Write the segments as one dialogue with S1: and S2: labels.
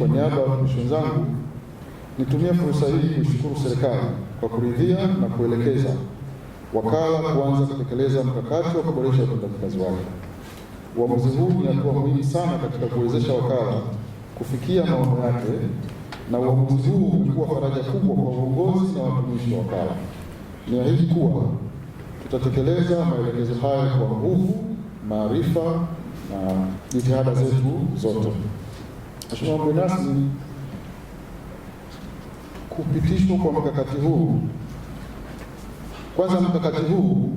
S1: Kwa niaba ya watumishi wenzangu, nitumie fursa hii kuishukuru serikali kwa kuridhia na kuelekeza wakala kuanza kutekeleza mkakati wa kuboresha utendakazi wake. Uamuzi huu ni hatua muhimu sana katika kuwezesha wakala kufikia maono yake, na uamuzi huu umekuwa faraja kubwa kwa uongozi na watumishi wa wakala. Niahidi kuwa tutatekeleza maelekezo haya kwa nguvu, maarifa na jitihada zetu zote. Mheshimiwa mgeni rasmi, kupitishwa kwa mkakati huu, kwanza mkakati huu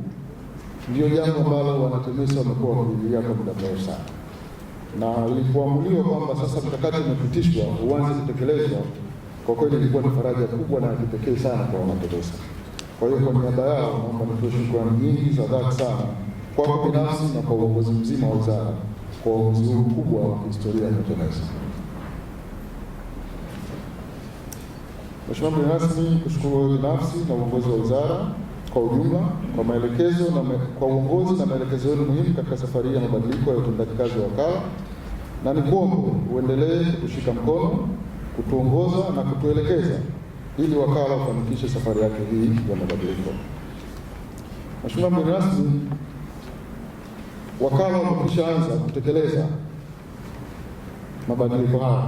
S1: ndio jambo ambalo wanatemesa wamekuwa wakiingilia kwa muda mrefu sana, na ilipoamuliwa kwamba sasa mkakati umepitishwa uanze kutekelezwa, kwa kweli ilikuwa ni faraja kubwa na ya kipekee sana kwa wanatemesa. Kwa hiyo kwa niaba yao naomba nitoe shukrani nyingi za dhati sana kwako binafsi na kwa uongozi mzima wa wizara kwa uamuzi huu mkubwa wa kihistoria ya TEMESA. Mheshimiwa mgeni rasmi, kushukuru binafsi na uongozi wa wizara kwa ujumla kwa maelekezo na me, kwa uongozi na maelekezo yenu muhimu katika safari ya mabadiliko ya utendaji kazi wa wakala, na ni kuomba uendelee kutushika mkono, kutuongoza na kutuelekeza ili wakala ufanikishe safari yake hii ya mabadiliko. Mheshimiwa mgeni rasmi, wakala umekwisha anza kutekeleza mabadiliko haya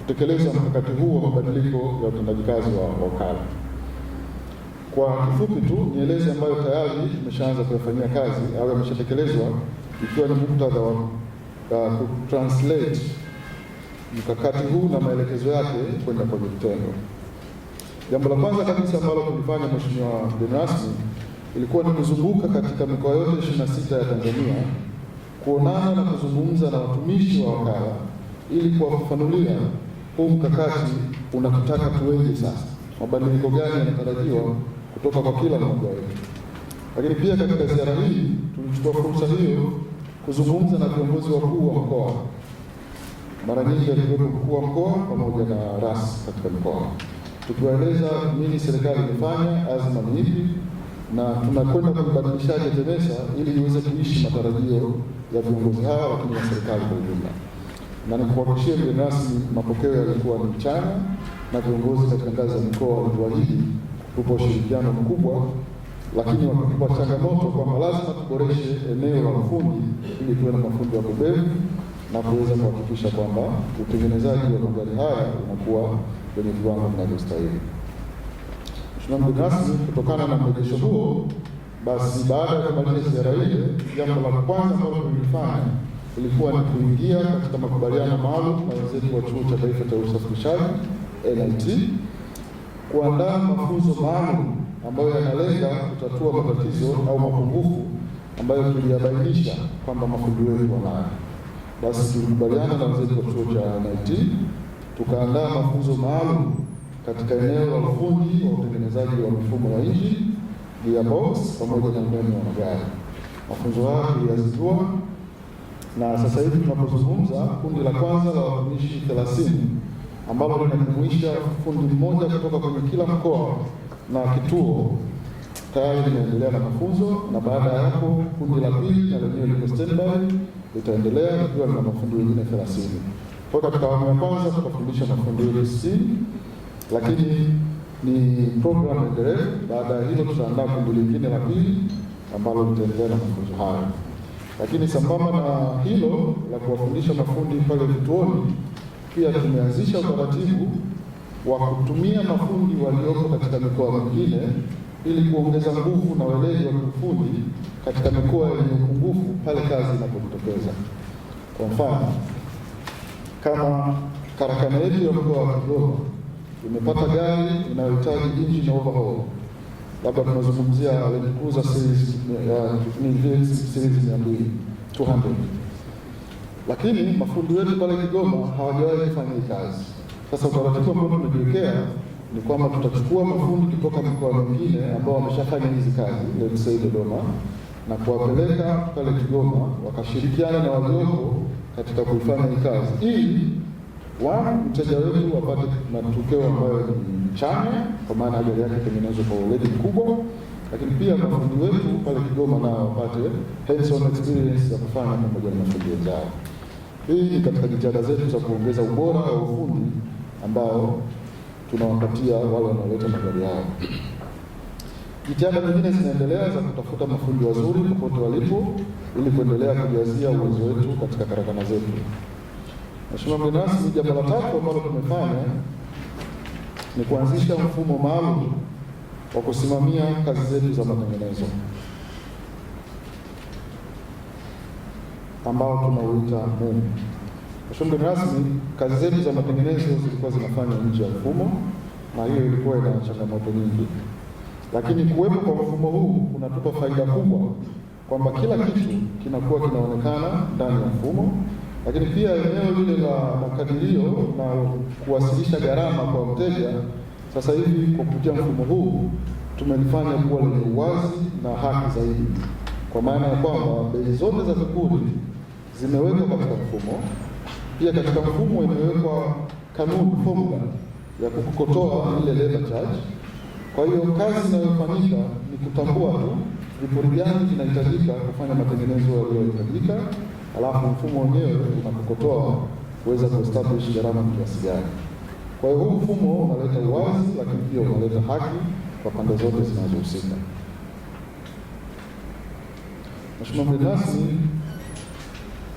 S1: kutekeleza mkakati huu wa mabadiliko ya utendaji kazi wa wakala. Kwa kifupi tu nieleze ambayo tayari imeshaanza kuyafanyia kazi au yameshatekelezwa, ikiwa ni muktadha wa uh, kutranslate mkakati huu na maelekezo yake kwenda kwenye vitendo. Jambo la kwanza kabisa ambalo kulifanya Mheshimiwa mgeni rasmi ilikuwa ni kuzunguka katika mikoa yote 26 ya Tanzania kuonana na kuzungumza na watumishi wa wakala ili kuwafafanulia huu mkakati unakutaka tuweje sasa, mabadiliko gani yanatarajiwa kutoka kwa kila mmoja wetu. Lakini pia katika ziara hii tulichukua fursa hiyo kuzungumza na viongozi wakuu wa mkoa, mara nyingi akiwepo mkuu wa mkoa pamoja na ras katika mkoa, tukiwaeleza nini serikali imefanya, azma ni ipi na tunakwenda kuibadilishaje TEMESA ili iweze kuishi matarajio ya viongozi hawa, lakini na serikali kwa ujumla na nikuhakikishie mgeni rasmi, mapokeo yalikuwa ni mchana na viongozi katika ngazi ya mikoa walituahidi kupa ushirikiano mkubwa, lakini wakatupa changamoto kwamba lazima tuboreshe eneo la ufundi ili tuwe na mafundi wa kubevu na kuweza kuhakikisha kwamba utengenezaji wa magari haya unakuwa kwenye viwango vinavyostahili. Mheshimiwa mgeni rasmi, kutokana na mrejesho huo, basi baada ya kumaliza ziara ile, jambo la kwanza ambalo tulifanya ilikuwa ni kuingia katika makubaliano maalum na wenzetu wa Chuo cha Taifa cha Usafirishaji NIT kuandaa mafunzo maalum ambayo yanalenga kutatua matatizo au mapungufu ambayo tuliyabainisha kwamba mafundi wetu wanayo. Basi tulikubaliana na wenzetu wa Chuo cha NIT tukaandaa mafunzo maalum katika eneo la ufundi wa utengenezaji wa mifumo ya injini, gearbox pamoja na umeme wa magari. Mafunzo haya tuliyazindua na sasa hivi tunapozungumza kundi la kwanza la watumishi 30 ambalo linajumuisha fundi mmoja kutoka kwenye kila mkoa na kituo tayari linaendelea na mafunzo, na baada ya hapo kundi la pili na lenyewe liko standby litaendelea likiwa lina mafundi wengine 30. Kwa katika awamu ya kwanza tutafundisha mafundi wetu 60, lakini ni programu endelevu. Baada ya hilo, tutaandaa kundi lingine la pili ambalo litaendelea na mafunzo hayo. Lakini sambamba na hilo la kuwafundisha mafundi pale vituoni, pia tumeanzisha utaratibu wa kutumia mafundi waliopo katika mikoa mingine ili kuongeza nguvu na weledi wa kiufundi katika mikoa yenye upungufu pale kazi inapojitokeza. Kwa mfano, kama karakana yetu ya mkoa wa Kigoma imepata gari inayohitaji engine overhaul labda tunazungumzia kuu Cruiser series mia mbili 200 lakini mafundi wetu pale Kigoma hawajawahi kufanya hii kazi. Sasa utaratibu ambao tumejiwekea ni kwamba tutachukua mafundi kutoka mikoa mingine ambao wameshafanya hizi kazi, lesei Dodoma, na kuwapeleka pale Kigoma wakashirikiana na walioko katika kuifanya hii kazi, ili wa mteja wetu wapate matokeo ambayo ni Chane kwa maana ajali yake itengenezwa kwa weledi mkubwa, lakini pia mafundi wetu pale Kigoma nao wapate hands on experience ya kufanya pamoja na mafundi wenzao. Hii ni katika jitihada zetu za kuongeza ubora wa ufundi ambao tunawapatia wale wanaoleta magari yao. Jitihada nyingine zinaendelea za kutafuta mafundi wazuri popote walipo ili kuendelea kujazia uwezo wetu katika karakana zetu. Mheshimiwa mgeni rasmi, jambo la tatu ambalo tumefanya ni kuanzisha mfumo maalum wa kusimamia kazi zetu za matengenezo ambao tunauita MUMU. Mheshimiwa mgeni rasmi, kazi zetu za matengenezo zilikuwa zinafanywa nje ya mfumo, na hiyo ilikuwa ina changamoto nyingi, lakini kuwepo kwa mfumo huu kunatupa faida kubwa kwamba kila kitu kinakuwa kinaonekana ndani ya mfumo lakini pia eneo lile la makadirio na kuwasilisha gharama kwa mteja, sasa hivi kwa kupitia mfumo huu tumelifanya kuwa lenye uwazi na haki zaidi, kwa maana ya kwamba bei zote za vikundi zimewekwa katika mfumo. Pia katika mfumo imewekwa kanuni formula ya kukokotoa ile labor charge. Kwa hiyo kazi inayofanyika ni kutambua tu vipuri gani vinahitajika kufanya matengenezo yaliyohitajika alafu mfumo wenyewe unakokotoa kuweza kuestablish gharama ni kiasi gani. Kwa hiyo huu mfumo unaleta uwazi, lakini pia unaleta haki kwa pande zote zinazohusika. Mheshimiwa mgeni rasmi,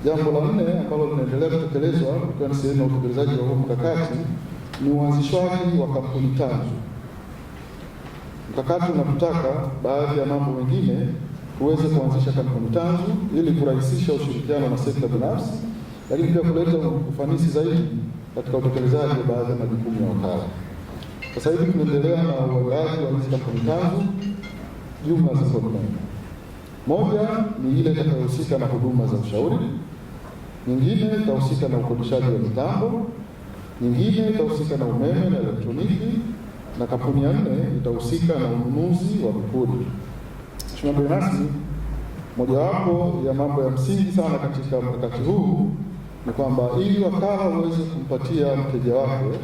S1: jambo la nne ambalo linaendelea kutekelezwa ikiwa ni sehemu ya utekelezaji wa huu mkakati ni uanzishwaji wa kampuni tanzu. Mkakati unakutaka baadhi ya mambo mengine tuweze kuanzisha kampuni tanzu ili kurahisisha ushirikiano na sekta binafsi, lakini pia kuleta ufanisi zaidi katika utekelezaji wa baadhi ya majukumu ya wakala. Sasa hivi tunaendelea na uwagaji wa hizi kampuni tanzu, jumla ziko nne. Moja ni ile itakayohusika na huduma za ushauri, nyingine itahusika na ukodishaji wa mitambo, nyingine itahusika na umeme na elektroniki, na kampuni ya nne itahusika na ununuzi wa vipuri. Mheshimiwa mgeni rasmi, mojawapo ya mambo ya msingi sana katika mkakati huu ni kwamba ili wakala uweze kumpatia mteja wake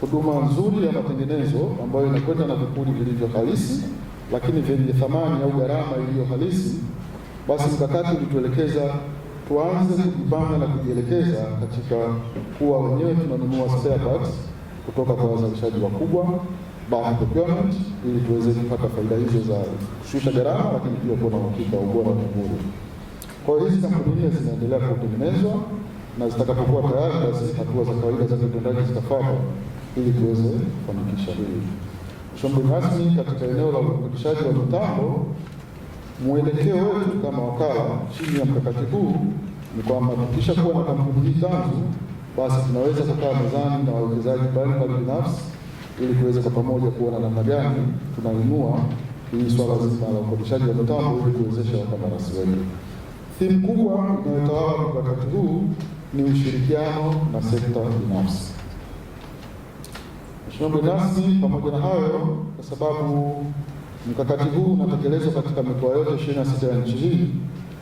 S1: huduma nzuri ya matengenezo ambayo inakwenda na vipuri vilivyo halisi, lakini vyenye thamani au gharama iliyo halisi, basi mkakati ulituelekeza tuanze kujipanga na kujielekeza katika kuwa wenyewe tunanunua spare parts kutoka kwa wazalishaji wakubwa bond procurement ili tuweze kupata faida hizo za kushusha gharama, lakini pia kuwa na uhakika wa ubora wa Kwa hiyo hizi kampuni nne zinaendelea kutengenezwa na zitakapokuwa tayari, basi hatua za kawaida za kiutendaji zitafuatwa ili tuweze kufanikisha hili. Mshauri rasmi, katika eneo la urekebishaji wa mitambo, mwelekeo wetu kama wakala chini ya mkakati huu ni kwamba tukisha kuwa na kampuni hii tanzu, basi tunaweza kukaa mezani na wawekezaji mbalimbali binafsi ili kuweza kwa pamoja kuona namna gani tunainua hii swala zima la ukodishaji wa mitambo ili kuwezesha wakandarasi wetu. Thimu kubwa inayotawala mkakati huu ni ushirikiano na sekta binafsi. Mheshimiwa mgeni rasmi, pamoja na hayo, kwa sababu mkakati huu unatekelezwa katika mikoa yote ishirini na sita ya nchi hii,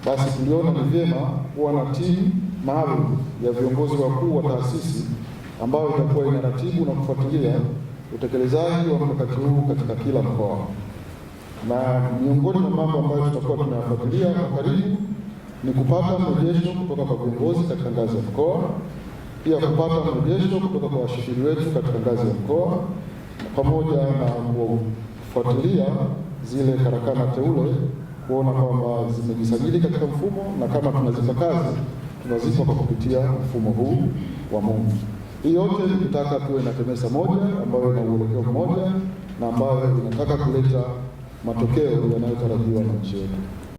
S1: basi tuliona ni vyema kuwa na timu maalum ya viongozi wakuu wa taasisi ambayo itakuwa inaratibu na kufuatilia utekelezaji wa mkakati huu katika kila mkoa, na miongoni mwa mambo ambayo tutakuwa tunayafuatilia kwa karibu ni kupata mrejesho kutoka kwa viongozi katika ngazi ya mkoa, pia kupata mrejesho kutoka kwa washiriki wetu katika ngazi ya mkoa, pamoja na kufuatilia zile karakana teule kuona kwamba zimejisajili katika mfumo na kama tunazipa kazi tunazipa kwa kupitia mfumo huu wa mungu hii yote tunataka tuwe na TEMESA moja ambayo ina uelekeo mmoja na ambayo inataka kuleta matokeo yanayotarajiwa na nchi yetu.